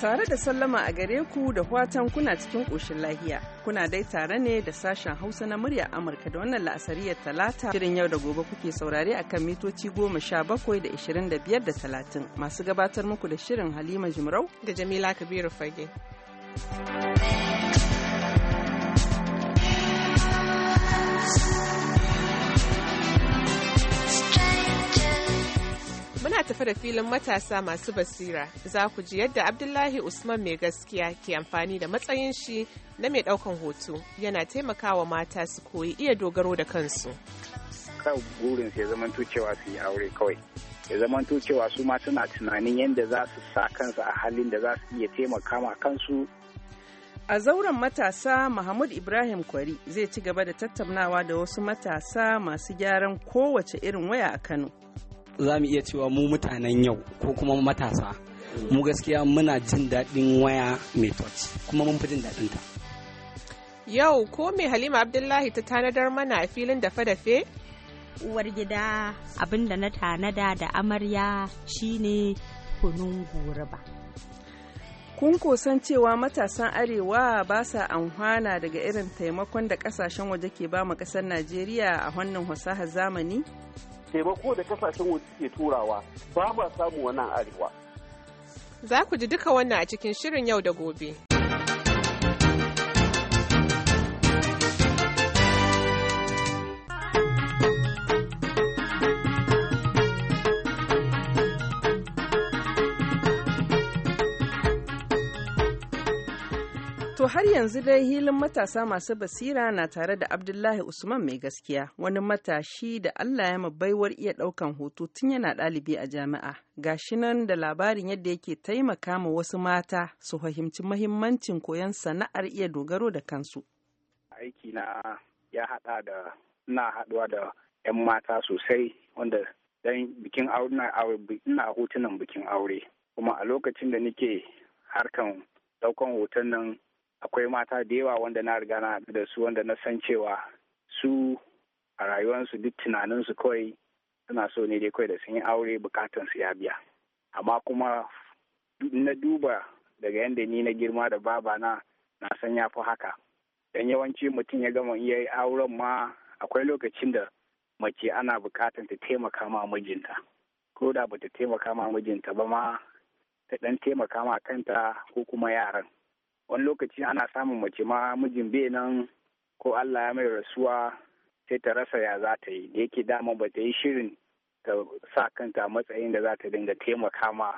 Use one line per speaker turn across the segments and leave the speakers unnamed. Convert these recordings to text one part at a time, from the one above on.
Tare da sallama a gare ku da watan kuna cikin ƙoshin lahiya. Kuna dai tare ne da sashen Hausa na murya Amurka da wannan la'asariyar talata shirin yau da gobe kuke saurare a kan mitoci goma sha bakwai da ishirin da biyar da talatin masu gabatar muku da shirin Halima
Jimrau da Jamila Kabiru Fage. Muna tafi da filin matasa masu basira, za ku ji yadda Abdullahi Usman mai gaskiya ke amfani da matsayin shi na mai daukan hoto yana taimakawa mata su koyi iya dogaro da kansu.
Kan gurin ya zaman cewa su yi aure kawai. Ya zaman cewa su ma suna tunanin yadda za su sa kansu a halin da za su iya taimaka ma kansu
A
zauren matasa Mahmud Ibrahim Kwari zai ci gaba da tattaunawa da wasu matasa masu gyaran kowace irin waya a Kano.
za mu iya cewa mu mutanen yau ko kuma matasa mu gaskiya muna jin daɗin waya mai touch kuma mun fi jin daɗin ta
yau ko me halima abdullahi ta tanadar mana a filin dafe-dafe uwar gida abinda na tanada da amarya shine kunun ba.
kun kusan cewa matasan arewa ba sa amfana daga irin taimakon da kasashen waje ke ba mu kasar najeriya a wannan fasahar zamani
taimako da kasashen waje ke turawa ba ma samu wannan arewa.
Za ku ji duka wannan a cikin shirin yau da gobe
har yanzu dai hilin matasa masu basira na tare da Abdullahi Usman mai gaskiya wani matashi da Allah ya ma baiwar iya daukan hoto tun yana dalibi a jami'a. Gashi nan da labarin yadda yake taimaka ma wasu mata su fahimci mahimmancin koyon sana'ar iya dogaro da kansu. Aiki na ya
haɗa da na haɗuwa da 'yan mata sosai wanda dan bikin aure ina hotunan bikin aure kuma a lokacin da nake harkan daukan hoton nan akwai mata da yawa wanda na riga na da su wanda na san cewa su a rayuwarsu duk tunaninsu kawai suna so ne dai kawai da sun yi aure bukatansu ya biya amma kuma na duba daga yadda ni na girma da baba na na san ya fi haka dan yawanci mutum ya gama iya auren ma akwai lokacin da mace ana bukatan ta taimaka ma mijinta ko da bata taimaka ma mijinta ba ma ta dan taimaka ma kanta ko kuma yaran wani lokaci ana samun mace ma mijin bai nan ko Allah ya mai rasuwa sai ta rasa ya za ta yi da yake dama ba ta yi shirin ta sa kanta matsayin da za ta dinga taimaka ma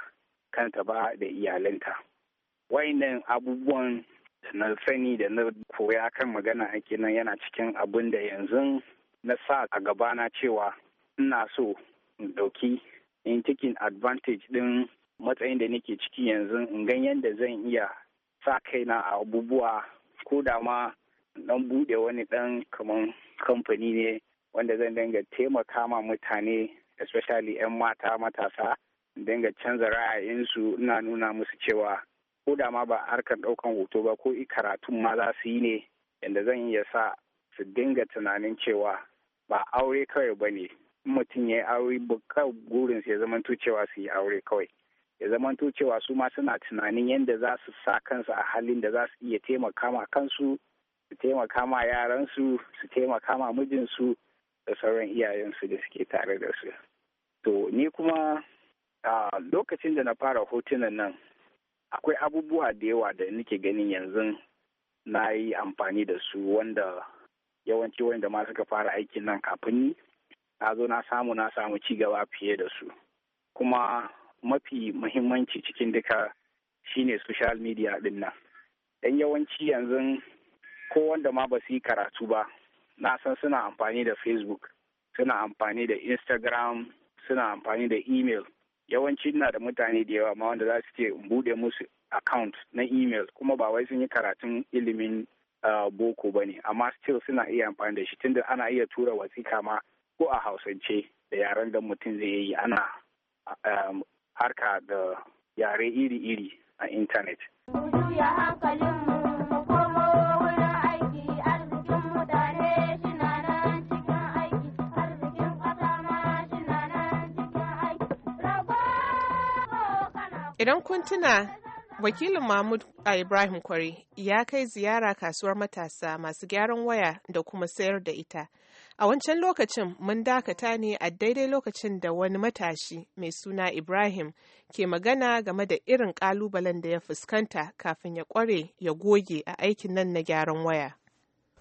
kanta ba da iyalinta. Wayannan abubuwan na sani da na koya kan magana ake nan yana cikin abin da yanzu na sa a gabana cewa ina so in ɗauki in cikin advantage ɗin matsayin da nake ciki yanzu in gan yadda zan iya sa kaina a abubuwa ko da ma dan bude wani dan kaman kamfani ne wanda zan dinga taimaka ma mutane especially 'yan mata matasa dinga canza ra'ayinsu ina nuna musu cewa ko da ma ba harkar daukan hoto ba ko i karatun ma za su yi ne yadda zan iya sa su dinga tunanin cewa ba aure kawai ba ne mutum ya yi aure ba kawai gurin ya zama cewa su yi aure kawai ya zamanto cewa su ma suna tunanin yadda za su sa kansu a halin da za su iya taimaka ma kansu su taimaka ma yaransu su taimaka ma mijinsu da sauran iyayensu da suke tare da su to ni kuma a lokacin da na fara hotunan nan akwai abubuwa da yawa da nake ganin yanzu na yi amfani da su wanda yawanci wanda ma suka fara aikin nan kafin ni na zo na samu na samu ci gaba fiye da su kuma mafi mahimmanci cikin duka shine social media din nan dan yawanci yanzu ko wanda ma ba su yi karatu ba na san suna amfani da facebook suna amfani da instagram suna amfani da email yawanci na da mutane da yawa ma wanda za su ce bude musu account na email kuma ba wai sun yi karatun ilimin ah, boko ba ne amma still suna iya amfani da shi tunda ana iya tura wasiƙa ma ko a hausance da yaren da mutum zai yi ana ah, harka da yare iri-iri a intanet.
Idan kun tuna wakilin Mahmud a Ibrahim Kwari ya kai ziyara kasuwar matasa masu gyaran waya da kuma sayar da ita. A wancan lokacin mun dakata ne a daidai lokacin da wani matashi mai suna Ibrahim ke magana game da irin ƙalubalen da ya fuskanta kafin ya kware ya goge a aikin nan na gyaran waya.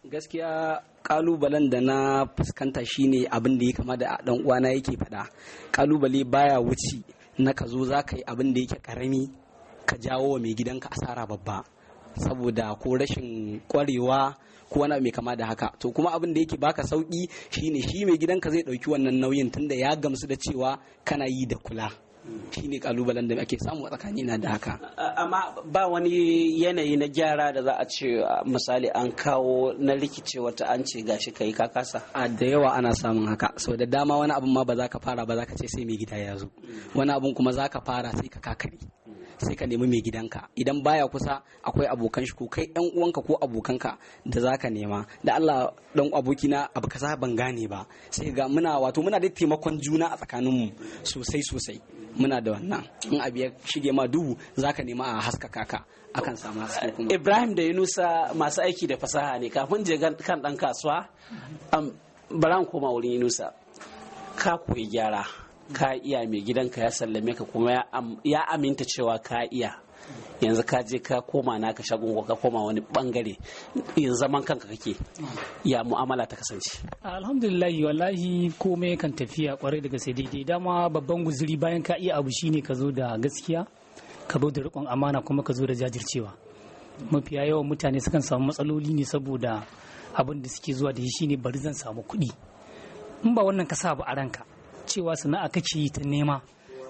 gaskiya kalubalen da na fuskanta shine abin da ya kama da dan uwana yake faɗa kalubale baya wuce na ka zo zaka yi abin da yake karami ka jawo wa mai gidanka asara babba saboda ko rashin kwarewa ko wani mai kama da haka to kuma abin da yake baka sauki shine shi mai gidanka zai dauki wannan nauyin tunda ya gamsu da cewa kana yi da kula shine kalubalen da ake samu a tsakani na da haka
amma ba wani yanayi na gyara da za a ce misali an kawo
na rikice wata an ce gashi kai ka kasa a da yawa ana samun haka sau da dama wani abun ma ba za ka fara ba za ka ce sai mai gida ya zo mm. wani abun kuma za ka fara sai ka kakari sai ka nemi mai gidanka idan baya kusa akwai abokan shi ko kai yan uwanka ko abokanka da zaka nema da Allah dan abokina abu kaza ban gane ba sai ga muna wato muna da taimakon juna a tsakanin mu sosai sosai muna da wannan in abu ya shige ma dubu zaka nema a haskaka ka akan samu kuma eh, Ibrahim da Yunusa masu aiki da fasaha ne kafin
je kan dan kasuwa baran koma wurin Yunusa ka koyi gyara ka iya mai gidanka ya sallame ka kuma ya aminta cewa ka iya yanzu ka je ka koma na ka shagon ka koma wani bangare yin zaman kanka kake ya mu'amala ta kasance
alhamdulillahi wallahi komai kan tafiya kwarai daga sai daidai dama babban guzuri bayan ka iya abu shine ka zo da gaskiya ka zo da rikon amana kuma ka zo da jajircewa mafiya yawan mutane sukan samu matsaloli ne saboda abin da suke zuwa da shi shine bari zan samu kuɗi in ba wannan ka sa ba a ranka cewa sana'a kake yi ta nema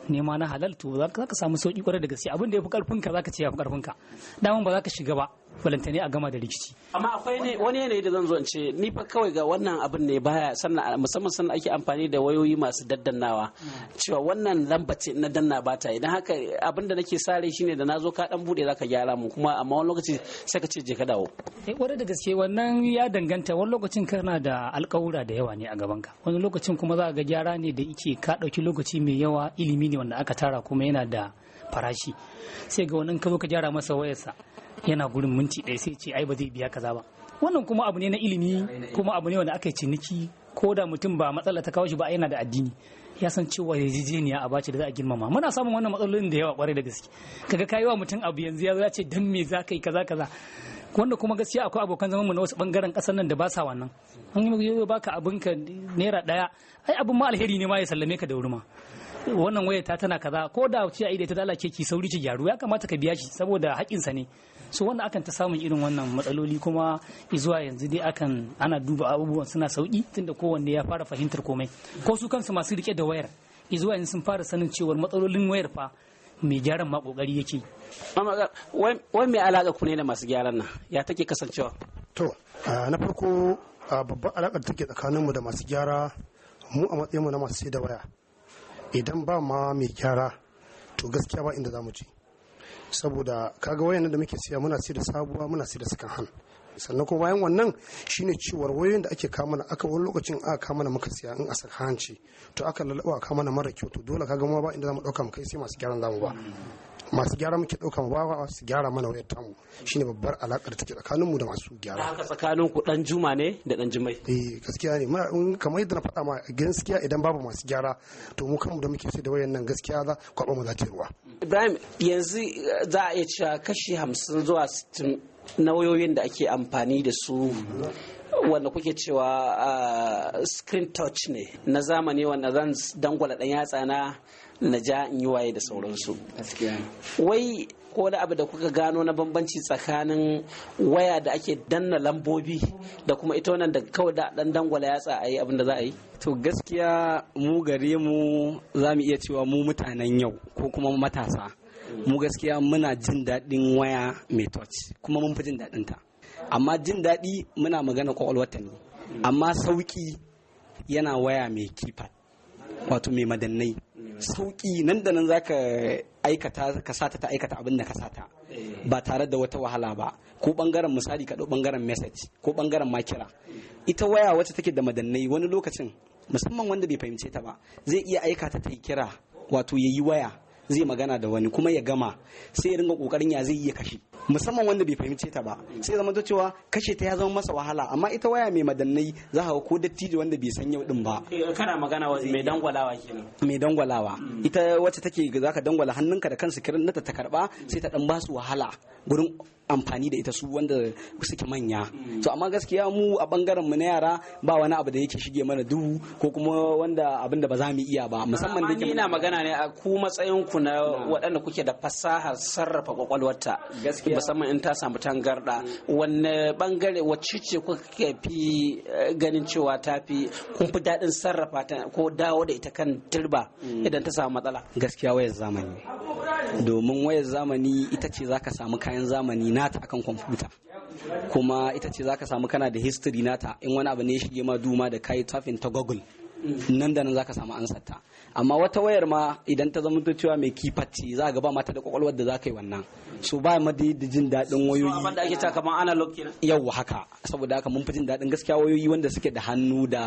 nema na halal to za ka samu sauki kwarai da gaske abin da ya fi karfin ka za ka ce ya fi karfin ka daman ba za ka shiga ba balantane a gama da rikici
amma akwai ne wani yanayi da zan zo ce ni fa kawai ga wannan abin ne baya sannan musamman sannan ake amfani da wayoyi masu daddannawa cewa wannan lamba ce na danna ba idan haka abin da nake sare shine da nazo ka dan bude zaka gyara mu kuma amma wani lokaci sai ka ce je ka dawo
eh wani da gaske wannan ya danganta wani lokacin kana da alƙawura da yawa ne a gaban ka wani lokacin kuma za ga gyara ne da yake ka dauki lokaci mai yawa ilimi ne wanda aka tara kuma yana da farashi sai ga wannan ka zo ka gyara masa wayarsa yana gurin minti ɗaya sai ce ai ba zai biya kaza ba wannan kuma abu ne na ilimi kuma abu ne wanda aka yi ciniki ko da mutum ba matsala ta kawo shi ba yana da addini ya san cewa yarjejeniya a bace da za a girmama muna samun wannan matsalolin da yawa kwarai da gaske kaga kayi wa mutum abu yanzu ya ce dan me za ka yi kaza kaza wanda kuma gaskiya akwai abokan zaman mu na wasu bangaren kasar nan da ba sa wannan an yi baka abinka naira daya ai abin ma alheri ne ma ya sallame ka da wurma wannan waya ta tana kaza ko da ce a ita ta lalace ki sauri ki gyaru ya kamata ka biya shi saboda haƙinsa ne so wannan akan ta samun irin wannan matsaloli kuma zuwa yanzu dai akan ana duba abubuwan suna sauki tunda kowanne ya fara fahimtar komai ko su kansu masu rike da wayar zuwa yanzu sun fara sanin cewar matsalolin wayar fa mai gyaran ma kokari yake wai mai alaka ku ne da masu gyaran nan ya take kasancewa
to na farko babban alakar take tsakaninmu da masu gyara mu a matsayinmu na masu sai da waya idan ba ma mai gyara to gaskiya ba inda za mu ci. saboda kaga wayannan da muke siya muna siya da sabuwa muna siya da sakan hannu sannan kuma bayan wannan shine cewar wayoyin da ake kama na aka wani lokacin a kama na muka siya in a saka hanci to aka lalaba kama na mara kyau to dole ka gama ba inda zamu dauka mu kai sai masu gyaran zamu ba masu gyara muke dauka mu ba su gyara mana wayar tamu shine babbar alakar take tsakaninmu da masu
gyara haka tsakanin ku dan juma ne da dan jimai eh
gaskiya ne kamar yadda na faɗa ma gaskiya idan babu masu gyara to mu kanmu da muke sai da wayan nan gaskiya za kwaɓa mu za ta ruwa
ibrahim yanzu za a iya cewa kashi hamsin zuwa sittin nauyoyin da ake amfani da su wanda kuke cewa ah, screen touch ne na zamani wanda zan dangwala ɗan yatsa na na ja in yi waye da sauransu wai ko da abu da kuka gano na bambanci tsakanin waya da ake danna lambobi da kuma
ita wannan da kawai da dan dangwala yatsa a yi abin da za a yi to gaskiya mu gare mu za mu iya cewa mu mutanen yau ko kuma matasa mu gaskiya muna jin daɗin waya mai touch kuma mun fi jin daɗin ta amma jin daɗi muna magana kwakwalwata ne amma sauƙi yana waya mai kifa wato mai madannai sauƙi nan da nan za ka aikata ka sata ta aikata abin da ka sata ba tare da wata wahala ba ko bangaren misali ka bangaren message ko bangaren makira ita waya wacce take da madannai wani lokacin musamman wanda bai fahimce ta ba zai iya aikata ta ta kira wato yayi waya zai magana da wani kuma ya gama sai ya ringa kokarin ya zai iya kashe musamman wanda bai fahimce ta ba sai zama ta cewa kashe ta ya zama masa wahala amma ita waya mai madannai za ka ko dattijo wanda bai san yau din ba
eh, kana magana wa mai dangwalawa kenan
mai dangwalawa mm. ita wacce take zaka dangwala hannunka da kansu kirin nata ta karba sai ta dan basu wahala gurin amfani da ita su wanda suke manya to mm. amma gaskiya mu a bangaren mu na yara ba wani abu da yake shige mana duhu ko kuma wanda abin ba za mu iya ba musamman da ina
magana ne a ku matsayin ku na waɗanda kuke da fasaha sarrafa kwakwalwarta gaskiya musamman in ta samu tangarda mm. wanne bangare wacce ce kuka fi eh, ganin cewa ta fi kun fi daɗin sarrafa ta ko dawo da ita kan
turba mm. idan ta samu matsala gaskiya wayar zamani domin wayar zamani ita ce zaka samu kayan zamani nata akan kwamfuta kuma ita ce zaka samu kana da history nata in wani abu ne ya shige ma duma da kai tafin ta google nan da nan zaka samu ansar ta amma wata wayar ma idan ta zama cewa mai kifacci za ga ba mata da kwakwalwar da za ka yi wannan so ba ma da jin daɗin wayoyi abin da ake
kamar analog kenan
haka saboda haka mun fi jin daɗin gaskiya wayoyi wanda suke da hannu da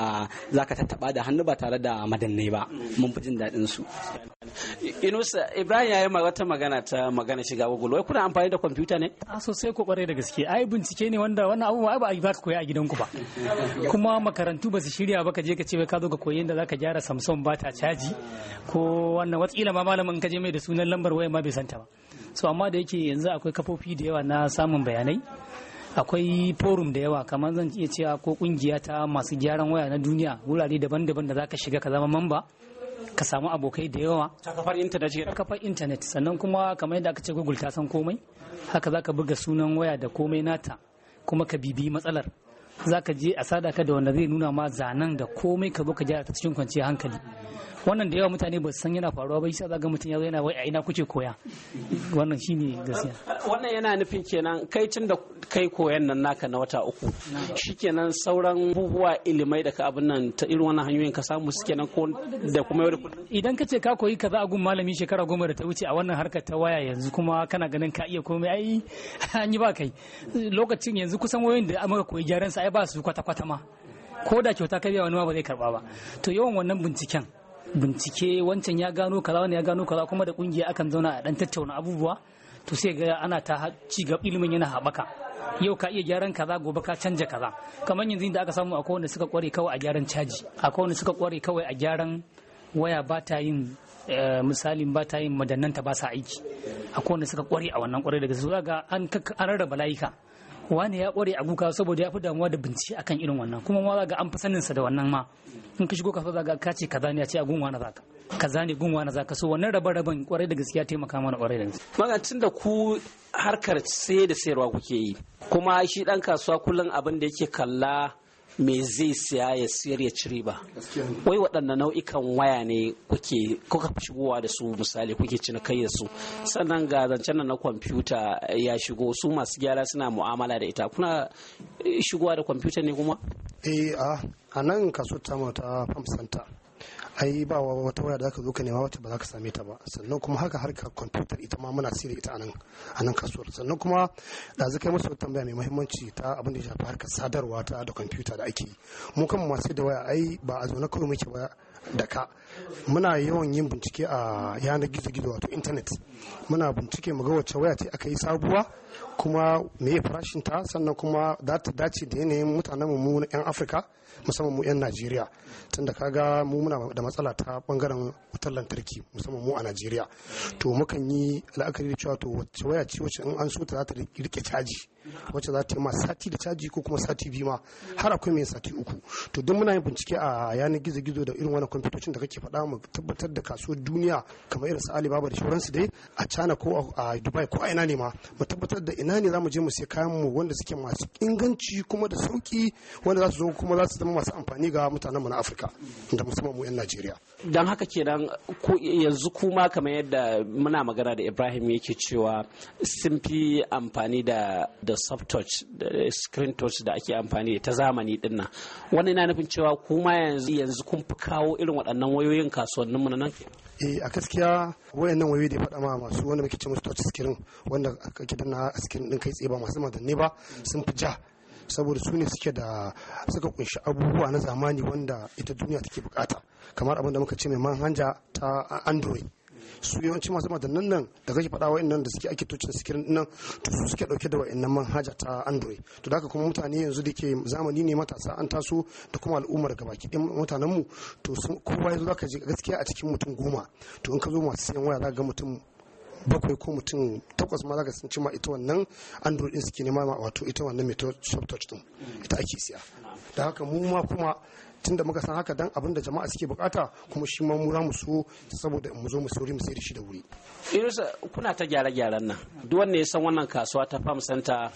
zaka tattaba da hannu ba tare da madannai ba mun fi jin daɗin su
Inusa Ibrahim ya yi wata magana ta magana shiga Google
wai kuna amfani da kwamfuta ne? A sosai ko kwarai da gaske ai bincike ne wanda wannan abubuwa ba yi baka koya a gidanku ba. Kuma makarantu ba su shirya ba ka je ka ce ka zo ka koyi yadda ka gyara Samsung ba ta caji ko wannan watakila ma malamin ka je mai da sunan lambar waya ma bai santa ba. So amma da yake yanzu akwai kafofi da yawa na samun bayanai akwai forum da yawa kamar zan iya cewa ko kungiya ta masu gyaran waya na duniya wurare daban-daban da za ka shiga ka zama mamba. ka samu abokai da yawa ta kafar intanet ta kafar intanet sannan kuma kamar yadda aka ce google ta san komai haka zaka buga sunan waya da komai nata kuma ka bibi matsalar Za ka je a sada ka da wanda zai nuna ma zanen da komai ka zo ka jira ta cikin kwanciyar hankali wannan da yawa mutane ba san yana faruwa ba yasa zaga mutum zo yana wai a ina kuke koya wannan shine gaskiya
wannan yana nufin kenan kai tun da kai koyan nan naka na wata uku shikenan sauran bubuwa ilimai da ka abin nan ta irin wannan hanyoyin ka samu suke nan ko da kuma
yau idan ka ce ka koyi kaza a gun malami shekara goma da ta wuce a wannan harkar ta waya yanzu kuma kana ganin ka iya komai ai an yi ba kai lokacin yanzu kusan wayoyin da aka koyi gyaran sa ai ba su kwata-kwata ma ko da kyauta ka biya wani ma ba zai karba ba to yawan wannan binciken bincike wancan ya gano kaza wani ya gano kaza kuma da kungiya akan zauna a dan tattauna abubuwa to sai ga ana ta ci gaba ilimin yana haɓaka yau ka iya gyaran kaza gobe ka canja kaza kamar yanzu da aka samu akwai wanda suka kware kawai a gyaran caji akwai wanda suka kware kawai a gyaran waya ba ta yin eh, misalin ba ta yin madannanta ba sa aiki akwai wanda suka kware a wannan kware daga su ga an rarraba layika wani ya ƙware a guka saboda ya fi damuwa da bincike akan irin wannan kuma ma za ga an fi sanin sa da wannan ma in ka shigo kasuwa za ga ka kaza ne ya ce a gunwa na zaka kaza ne gunwa na zaka so wannan rabe raben ƙwarai da gaskiya taimaka mana ƙware da gaskiya magacin da ku
harkar sai da sayarwa kuke yi kuma shi dan kasuwa kullum abin da yake kalla me zai siya ya siyar ya cire ba wai waɗanda nau'ikan waya ne kuke kuka shigowa da su misali kuke da su sannan ga zancen na kwamfuta eh, ya shigo su masu gyara suna mu'amala da ita kuna eh, shigowa da kwamfuta
ne kuma eh a nan kaso ta mata famsanta ai ba wata waya da zaka zo ka nema wata ba za ka same ta ba sannan kuma haka harka kwamfutar ita ma muna sirri ita a anan kasuwar sannan kuma da zaka yi musu tambaya mai muhimmanci ta abin da ya shafi harkar sadarwa ta da kwamfuta da ake yi mu kan masu da waya ai ba a zo na kawai muke ba da ka muna yawan yin bincike a yanar gizo-gizo wato intanet muna bincike mu ga wacce waya ce aka yi sabuwa kuma ya farashin ta sannan kuma za ta dace da yanayin mutanen mu na yan afirka musamman mu yan najeriya tunda kaga mu muna da matsala ta bangaren wutar lantarki musamman mu a najeriya to mukan yi la'akari da cewa to wacce waya ce wacce in an so ta za ta rike caji wacce za ta yi ma sati da caji ko kuma sati biyu ma har akwai mai sati uku to duk muna yin bincike a yanar gizo-gizo da irin wannan kwamfutocin da kake faɗa mu tabbatar da kasuwar duniya kamar irin su Alibaba da shauransu dai a China ko a Dubai ko a ina ne ma mu tabbatar da ina ne za mu je mu sai kayan mu wanda suke masu inganci kuma da sauki wanda za su zo kuma za su zama masu amfani ga mutanen mu na Afirka da musamman mu 'yan Najeriya. Dan haka
kenan ko yanzu kuma kamar yadda muna magana da Ibrahim yake cewa sun fi amfani da da soft touch da screen touch da ake amfani da ta zamani dinnan
wannan yana nufin cewa kuma yanzu yanzu kun fi
kawo irin waɗannan wayoyi kasuwanninmu na nan
eh a gaskiya wayannan wayoyi da faɗa ma masu wanda muke ce musu touch screen wanda kake danna screen din kai tsaye ba masu madanne ba sun fi ja saboda su ne suke da suka kunshi abubuwa na zamani wanda ita duniya take bukata kamar abin da muka ce mai manhaja ta android su yawanci masu madannan nan da kake faɗa wa'annan da suke ake tocin sikirin nan to su suke ɗauke da wa'annan manhaja ta android to da kuma mutane yanzu da ke zamani ne matasa an taso da kuma al'ummar gabaki ɗin mutanen mu to kowa yanzu zaka je gaskiya a cikin mutum goma to in ka zo masu sayan waya za ga mutum bakwai ko mutum takwas ma zaka sun ma ita wannan android din suke nema wato ita wannan mai soft touch din ita ake siya da haka mu ma kuma tunda muka san haka dan abin da jama'a suke bukata kuma shi ma mu so saboda mu zo mu sauri mu sayar shi da wuri.
Iris kuna ta gyare-gyaren nan duk wanda ya san wannan kasuwa ta Farm Center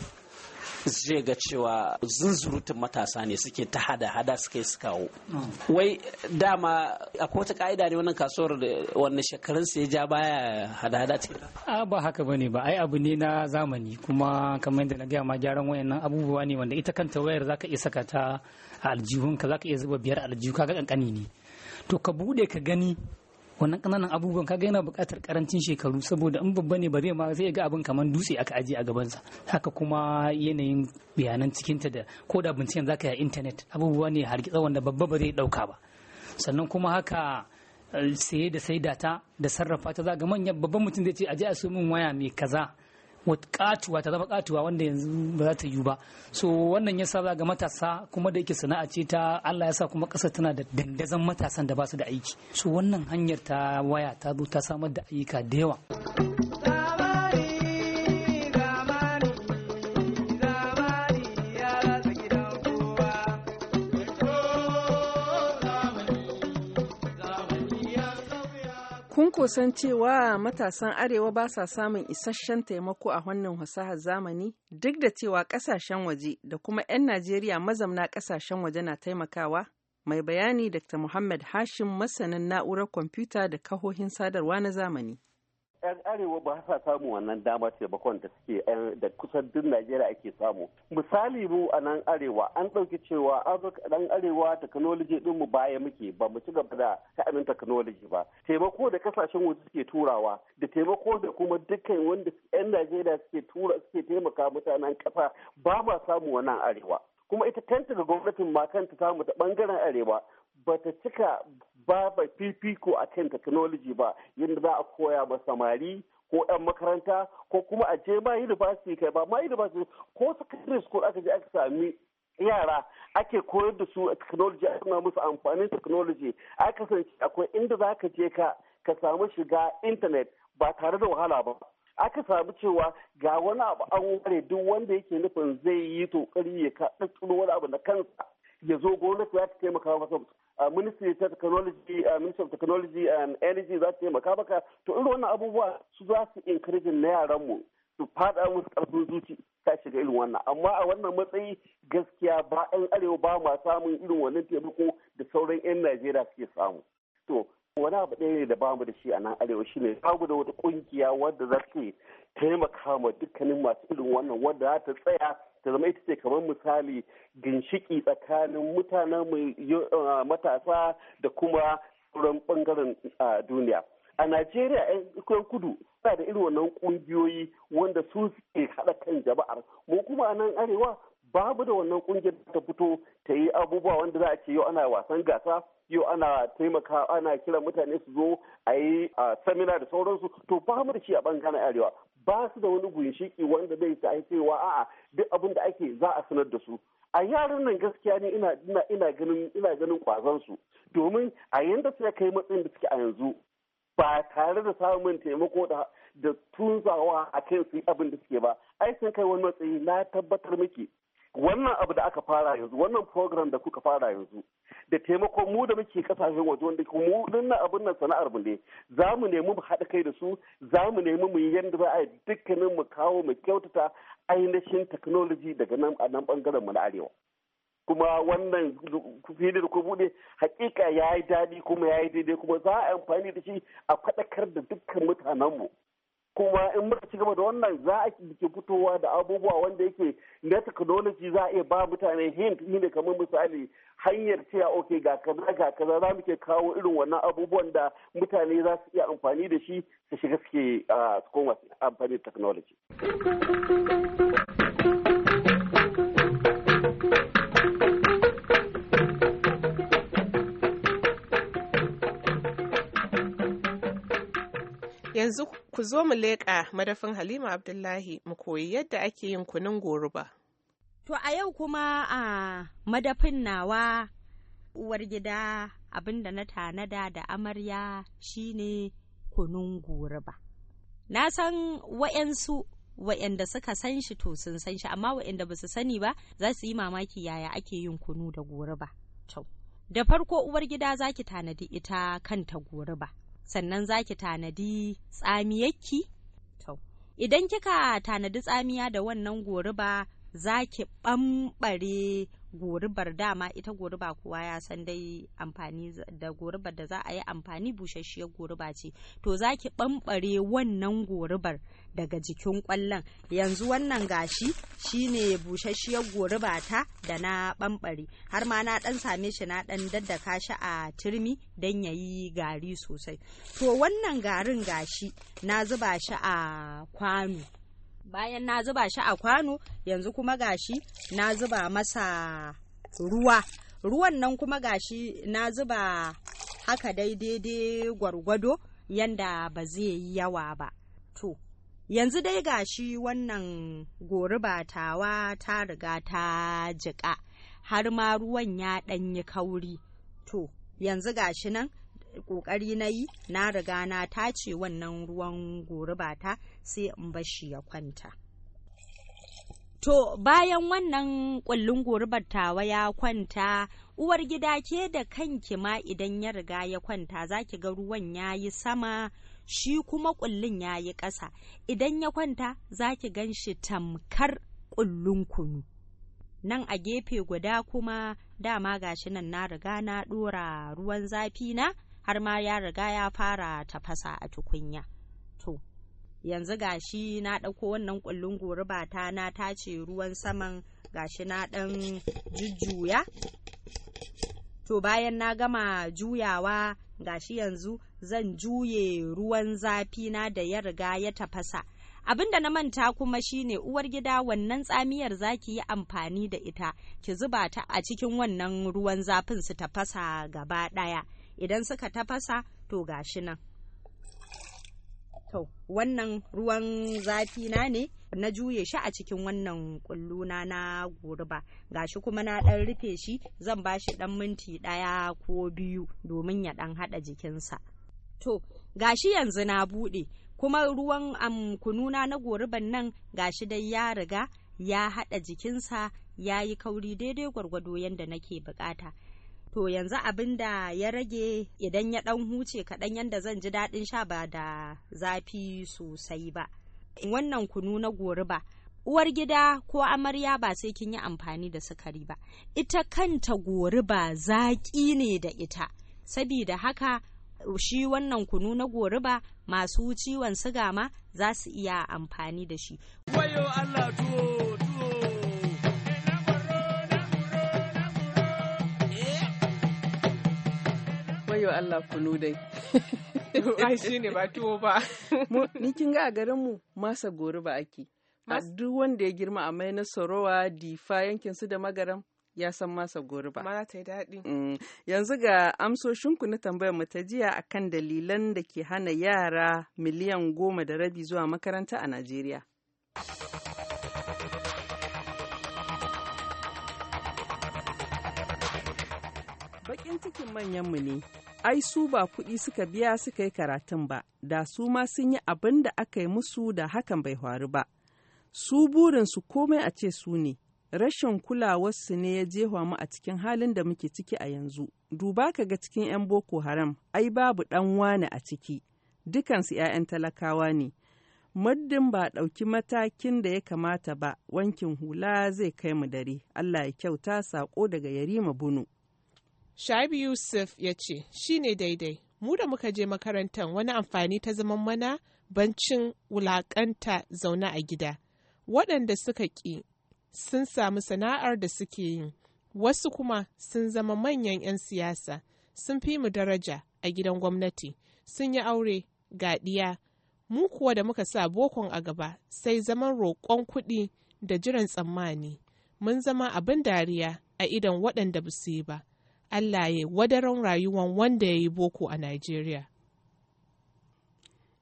zai ga cewa zunzurutun matasa ne suke ta hada hada suke su kawo mm. wai dama akwai wata ka'ida ne wannan kasuwar wannan shekarun su ja baya hada hada ce
a ba haka ba ne ba ai abu ne na zamani kuma kamar yadda na gaya ma gyaran wayannan abubuwa ne wanda ita kanta wayar zaka iya saka ta a aljihunka zaka iya zuba biyar aljihu kaga kankani ne to ka bude ka gani wannan kananan abubuwan kaga yana buƙatar karancin shekaru saboda in babba ne ba zai ma zai ga abin kamar dutse aka aje a gabansa haka kuma yanayin bayanan cikinta da ko da binciken zaka yi a intanet abubuwa ne hargitsa wanda babba ba zai ɗauka ba sannan kuma haka eh, saye da saidata, ta da sarrafa ta zaga manyan babban mutum zai ce aje a so min waya mai kaza katuwa ta zama katuwa wanda yanzu ba za ta yiwu ba so wannan ya sa ga matasa kuma da yake sana'a ce ta Allah ya sa kuma ƙasar tana da dandazon matasan da ba su da aiki so wannan hanyar ta waya ta zo ta samar da ayyuka da yawa
Mun kusan cewa matasan arewa ba sa samun isasshen taimako a wannan fasahar zamani duk da cewa kasashen waje da kuma 'yan najeriya mazamna kasashen waje na taimakawa mai bayani dr muhammad hashim masanin na'urar kwamfuta da kahohin sadarwa na zamani
'yan arewa ba sa samu wannan dama ce bakon da suke eh, da kusan duk najeriya ake samu misali mu a nan arewa an ɗauki cewa dan arewa technology din mu baya muke ba mu ci gaba da ta'amin technology ba taimako da kasashen waje suke turawa da taimako da kuma dukkan wanda 'yan najeriya suke tura suke taimaka mutanen kasa ba ma samu wannan arewa kuma ita kanta ga gwamnatin ma kanta samu ta bangaren arewa bata cika Ba babu fifiko a kan technology ba yadda za a koya ma samari ko 'yan makaranta ko kuma a je ma university kai ba ma university ko secondary school aka je aka sami yara ake koyar da su technology a suna musu amfanin technology a kasance akwai inda za ka je ka ka samu shiga intanet ba tare da wahala ba aka samu cewa ga wani abu an ware duk wanda yake nufin zai yi tokari ya kaɗa wani abu na kansa ya zo gwamnati ya ta taimaka masa ministry ta technology ministry of technology and energy za ta taimaka baka to irin wannan abubuwa su za su encourage na yaran mu su fada musu karfin zuci ta shiga irin wannan amma a wannan matsayi gaskiya ba ɗan arewa ba ma samun irin wannan taimako da sauran yan najeriya suke samu to wani abu ɗaya ne da bamu da shi a nan arewa shine babu da wata kungiya wadda za ta taimaka ma dukkanin masu irin wannan wadda za ta tsaya ta zama ita ce kamar misali ginshiki tsakanin mutanen matasa da kuma sauran bangaren duniya a najeriya yan kudu suna da irin wannan kungiyoyi wanda su suke haɗa kan jama'ar mu kuma a nan arewa babu da wannan kungiyar ta fito ta yi abubuwa wanda za a ce yau ana wasan gasa yau ana taimaka ana kiran mutane su zo a yi samina da sauransu to ba da shi a bangaren arewa ba su da wani gunshiki wanda zai ta cewa a'a duk abin da ake za a sanar da su a yaran nan gaskiya ne ina ina ganin ina kwazon su domin a yanda suka kai matsayin da suke a yanzu ba tare da samun taimako da da tunzawa a kan su abin da suke ba ai sun kai wani matsayi na tabbatar miki wannan abu da aka fara yanzu wannan program da kuka fara yanzu da taimako mu da muke kasashen waje wanda mu dinnan abin nan sana'ar mu ne za mu nemi mu haɗa kai da su za mu nemi mu yi yadda za a yi dukkanin mu kawo mu kyautata ainihin technology daga nan a nan bangaren mu na arewa kuma wannan fili da ku bude hakika ya yi daɗi kuma ya yi daidai kuma za a amfani da shi a faɗakar da dukkan mutanenmu kuma in muka ci gaba da wannan za a ke fitowa da abubuwa wanda yake na technology za a iya ba mutane hint ni ne kamar misali hanyar cewa ok ga kaza ga kaza za mu ke kawo irin wannan abubuwan da mutane za su iya amfani da shi su shiga suke ah, su amfani da technology.
Yanzu ku zo mu leƙa madafin Halima Abdullahi mu koyi yadda ake yin kunun goruba.
To a yau kuma a madafin nawa uwar gida abinda na tanada da amarya shine kunun goruba. Na san wa'yansu wa'yanda suka san shi to sun san shi amma wa'yanda ba su sani ba za su yi mamaki yaya ake yin kunu da goruba. To, da farko uwar gida za ki tanadi ita kanta goruba. sannan za ki tanadi tsamiyarki idan kika tanadi tsamiya da wannan goruba za ki ɓamɓare goribar dama ita goriba kuwa ya san dai amfani da goribar da za a yi amfani busasshiyar goriba ce to za ki ɓamɓare wannan goribar daga jikin kwallon yanzu wannan gashi shine busasshiyar goriba ta da na ɓamɓare har ma na dan same shi na dan daddaka shi a turmi don ya yi gari sosai to wannan garin gashi na zuba shi a kwano bayan na zuba shi a kwano yanzu kuma gashi na zuba masa ruwa ruwan nan kuma gashi na zuba haka daidai gwargwado yanda ba zai yi yawa ba to yanzu dai gashi wannan gorubatawa tawa ta riga ta jiƙa har ma ruwan ya ɗanyi kauri to yanzu gashi nan Ƙoƙari na yi na riga na tace wannan ruwan ta sai in shi ya kwanta To bayan wannan ƙullun gorubar tawa ya kwanta, uwar gida ke da kanki ma idan ya riga ya kwanta zaki ga ruwan ya yi sama shi kuma ƙullun ya yi ƙasa. Idan ya kwanta zaki gan shi tamkar ƙullun kunu. Nan a gefe guda kuma dama gashi nan na riga na ɗora ruwan zafi na har ma ya riga ya fara tafasa a tukunya to yanzu gashi na ɗauko wannan ƙullun goruba ta na tace ruwan saman gashi na ɗan jujjuya to bayan na gama juyawa gashi yanzu zan juye ruwan zafi na da ya riga ya tafasa abin da na manta kuma shine uwar gida wannan tsamiyar za ki yi amfani da ita ki zuba ta a cikin wannan ruwan zafin su tafasa gaba ɗaya idan suka tafasa to gashi nan to wannan ruwan zafi na ne na juye shi a cikin wannan kulluna na goruba gashi kuma na dan rufe shi zan bashi dan minti daya ko biyu domin ya dan hada jikinsa to gashi yanzu na bude kuma ruwan um, kununa na goruban nan gashi dai ya riga ya hada jikinsa ya yi kauri daidai gwargwado yadda nake bukata to yanzu abin da ya rage idan ya ɗan huce kaɗan yadda zan ji daɗin sha ba da zafi sosai ba wannan kunu na goruba uwar gida ko amarya ba sai kin yi amfani da sukari ba ita kanta goruba zaƙi ne da ita sabida haka shi wannan kunu na goruba masu ciwon siga ma za su iya amfani da shi.
yi wa Allah kunu dai. Ai shi ne ba tuwo ba.
Ni kin ga a garin mu masa gori ba ake. Duk wanda ya girma a mai na Sorowa, Difa, yankin su da Magaram, ya san masa gori ba.
Mara ta daɗi.
Mm. Yanzu ga ku na tambayar mu ta jiya akan dalilan da ke hana yara miliyan goma da rabi zuwa makaranta a Najeriya. Bakin cikin manyanmu ne, ai su ba kuɗi suka biya suka yi karatun ba da su ma sun yi abin da aka yi musu da hakan bai faru ba su burinsu komai a ce su ne rashin kulawarsu ne ya jefa mu a cikin halin da muke ciki a yanzu duba ka ga cikin 'yan boko haram ai babu ɗan wane a ciki dukansu 'ya'yan talakawa ne muddin ba ɗauki matakin da ya kamata ba wankin hula zai kai mu dare allah ya kyauta saƙo daga yarima bunu
Shabi Yusuf ya ce, shi ne daidai, mu da muka je makarantar wani amfani ta zaman mana bancin wulakanta zaune a gida. Waɗanda suka ƙi sun samu sana'ar da suke yi, wasu kuma sun zama manyan 'yan siyasa, sun fi mu daraja a gidan gwamnati, sun yi aure, gaɗiya, mu kuwa da muka sa bokon a gaba sai zaman roƙon kuɗi da jiran tsammani. Mun zama abin dariya a idan waɗanda ba yi ba. Allah ya wadaron rayuwan wanda ya yi boko a Najeriya.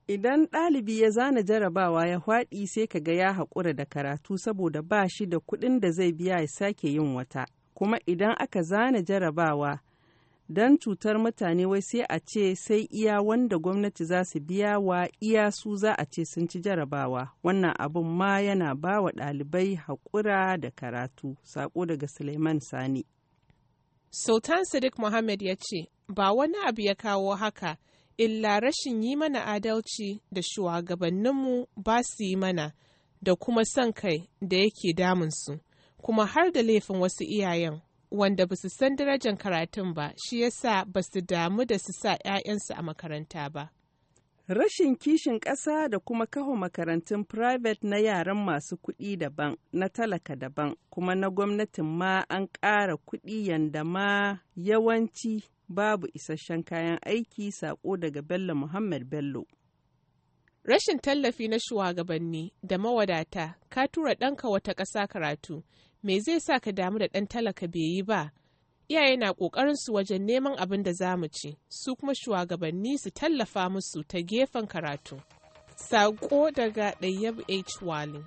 Idan ɗalibi ya zana jarabawa ya haɗi sai kaga ya
haƙura da karatu saboda ba shi da kuɗin da zai biya ya sake yin wata. Kuma idan aka zana jarabawa don cutar mutane wai sai a ce sai iya wanda gwamnati za su biya wa iya su za a ce sun ci jarabawa. Wannan abun ma yana ba wa ɗalibai haƙura da karatu. Sako daga Suleiman Sani.
Sultan Sadiq Mohammed ya ce, Ba wani abu ya kawo haka, illa rashin yi mana adalci da shugabanninmu ba su yi mana, da kuma son kai da yake damunsu, kuma har da laifin wasu iyayen, wanda ba su san darajar karatun ba, shi yasa ba su damu da su sa 'ya'yansu a makaranta ba.
Rashin kishin ƙasa da kuma kaho makarantun private na yaran masu kuɗi daban, na talaka daban, kuma na gwamnatin ma an ƙara kuɗi yanda ma yawanci babu isasshen kayan aiki saƙo daga Bello
Muhammad Bello. Rashin tallafi na shugabanni da mawadata ka tura ɗanka wata ƙasa karatu, me zai sa ka damu da ɗan talaka bai yi ba? iyaye na ƙoƙarin su wajen neman abin da za mu ci su kuma shugabanni su tallafa musu ta gefen karatu. Saƙo daga Ɗayyab H. Wali.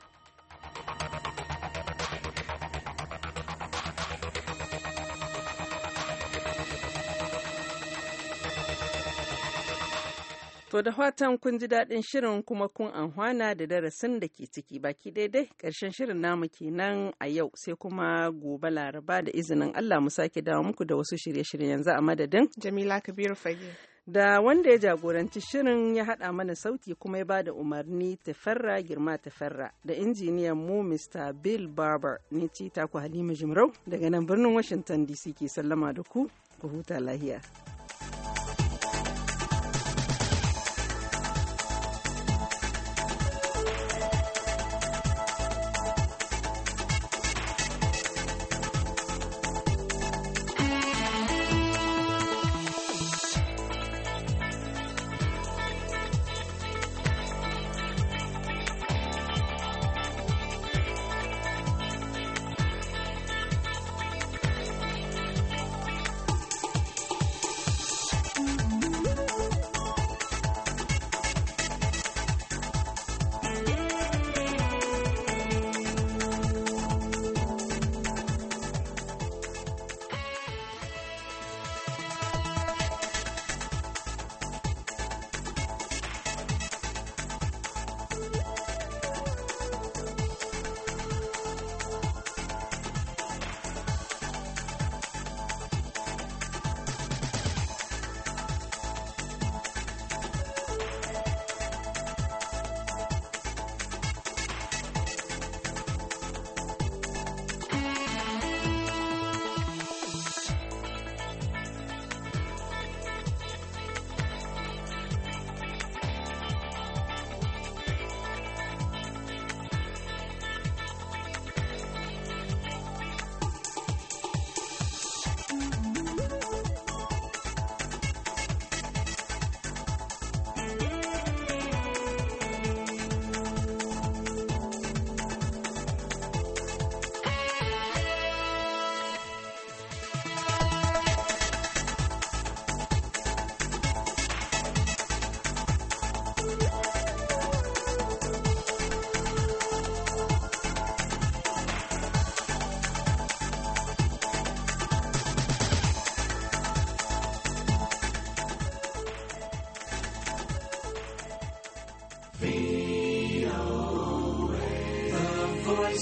To da fatan kun ji daɗin shirin kuma kun anhwana da darasin da ke ciki baki daidai ƙarshen shirin namu kenan a yau sai kuma gobe laraba da izinin Allah mu sake dawo muku da wasu shirye-shirye yanzu a madadin. Jamila Kabiru Fage. Da wanda ya jagoranci shirin ya haɗa mana sauti kuma ya ba da umarni tafarra girma tafarra da injiniyan mu Mr. Bill Barber ne ci taku Halima Jimrau daga nan birnin Washington DC ke sallama da ku ku huta lahiya.